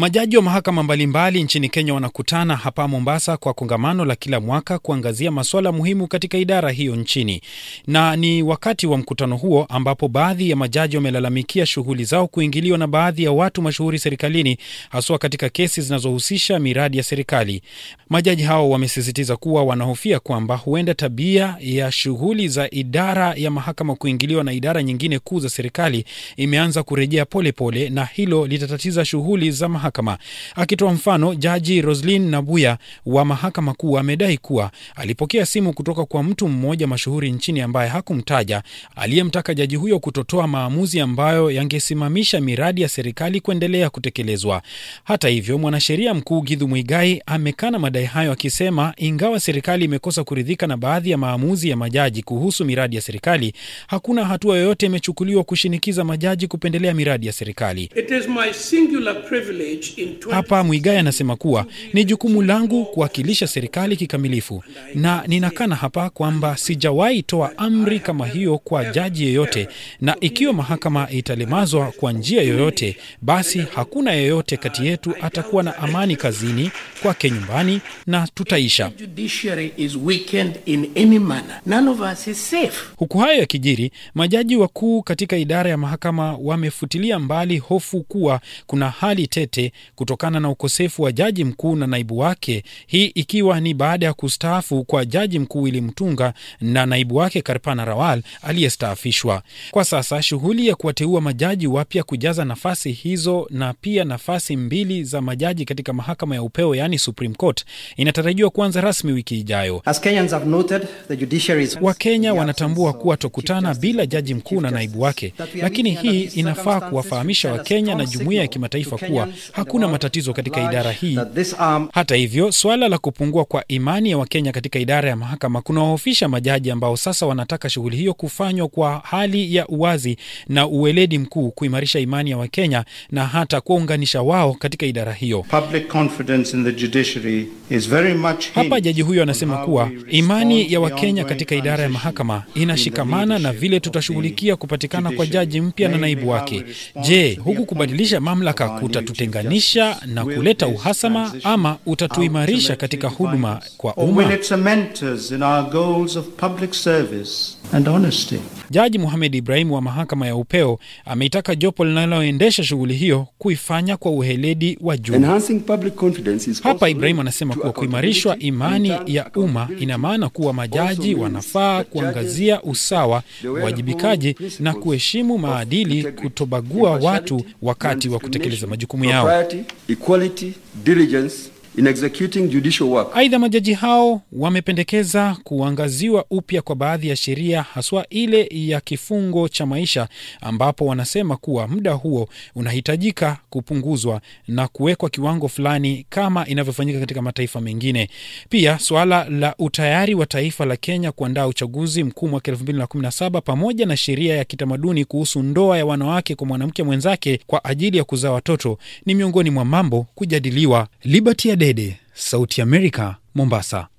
Majaji wa mahakama mbalimbali nchini Kenya wanakutana hapa Mombasa kwa kongamano la kila mwaka kuangazia masuala muhimu katika idara hiyo nchini, na ni wakati wa mkutano huo ambapo baadhi ya majaji wamelalamikia shughuli zao kuingiliwa na baadhi ya watu mashuhuri serikalini, haswa katika kesi zinazohusisha miradi ya serikali. Majaji hao wamesisitiza kuwa wanahofia kwamba huenda tabia ya shughuli za idara ya mahakama kuingiliwa na idara nyingine kuu za serikali imeanza kurejea polepole, na hilo litatatiza shughuli za mahakama mahakama. Akitoa mfano, jaji Roslin Nabuya wa mahakama kuu amedai kuwa alipokea simu kutoka kwa mtu mmoja mashuhuri nchini ambaye hakumtaja, aliyemtaka jaji huyo kutotoa maamuzi ambayo yangesimamisha miradi ya serikali kuendelea kutekelezwa. Hata hivyo, mwanasheria mkuu Githu Muigai amekana madai hayo akisema ingawa serikali imekosa kuridhika na baadhi ya maamuzi ya majaji kuhusu miradi ya serikali, hakuna hatua yoyote imechukuliwa kushinikiza majaji kupendelea miradi ya serikali. It is my singular privilege hapa Mwigai anasema kuwa ni jukumu langu kuwakilisha serikali kikamilifu, na ninakana hapa kwamba sijawahi toa amri kama hiyo kwa jaji yeyote, na ikiwa mahakama italemazwa kwa njia yoyote, basi hakuna yeyote kati yetu atakuwa na amani kazini, kwake nyumbani, na tutaisha. Huku hayo yakijiri, majaji wakuu katika idara ya mahakama wamefutilia mbali hofu kuwa kuna hali tete wake kutokana na ukosefu wa jaji mkuu na naibu wake, hii ikiwa ni baada ya kustaafu kwa jaji mkuu ili mtunga na naibu wake Karpana Rawal aliyestaafishwa. Kwa sasa shughuli ya kuwateua majaji wapya kujaza nafasi hizo na pia nafasi mbili za majaji katika mahakama ya upeo yaani Supreme Court inatarajiwa kuanza rasmi wiki ijayo. Wakenya wanatambua kuwa tokutana bila jaji mkuu na naibu wake, lakini hii inafaa kuwafahamisha Wakenya na jumuiya ya kimataifa kuwa Hakuna matatizo katika idara hii. Hata hivyo, suala la kupungua kwa imani ya Wakenya katika idara ya mahakama kunawahofisha majaji ambao sasa wanataka shughuli hiyo kufanywa kwa hali ya uwazi na uweledi mkuu, kuimarisha imani ya Wakenya na hata kuwaunganisha wao katika idara hiyo. Hapa jaji huyo anasema kuwa imani ya Wakenya katika idara ya mahakama inashikamana na vile tutashughulikia kupatikana kwa jaji mpya na naibu wake. Je, huku kubadilisha mamlaka kutatutenganisha? utaunganisha na kuleta uhasama ama utatuimarisha katika huduma kwa umma? Jaji Muhamed ibrahimu wa mahakama ya upeo ameitaka jopo linaloendesha shughuli hiyo kuifanya kwa uheledi wa juu. Hapa Ibrahim anasema kuwa kuimarishwa imani ya umma ina maana kuwa majaji wanafaa kuangazia usawa, uwajibikaji na kuheshimu maadili, kutobagua watu wakati wa kutekeleza majukumu yao. equality, diligence, in executing judicial work. Aidha, majaji hao wamependekeza kuangaziwa upya kwa baadhi ya sheria haswa ile ya kifungo cha maisha ambapo wanasema kuwa muda huo unahitajika kupunguzwa na kuwekwa kiwango fulani kama inavyofanyika katika mataifa mengine. Pia suala la utayari wa taifa la Kenya kuandaa uchaguzi mkuu mwaka 2017 pamoja na sheria ya kitamaduni kuhusu ndoa ya wanawake kwa mwanamke mwenzake kwa ajili ya kuzaa watoto ni miongoni mwa mambo kujadiliwa. Liberty dede Sauti america Amerika, Mombasa.